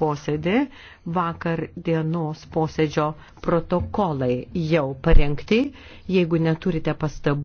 posėdį. Vakar dienos posėdžio protokolai jau parengti. Jeigu neturite pastabų,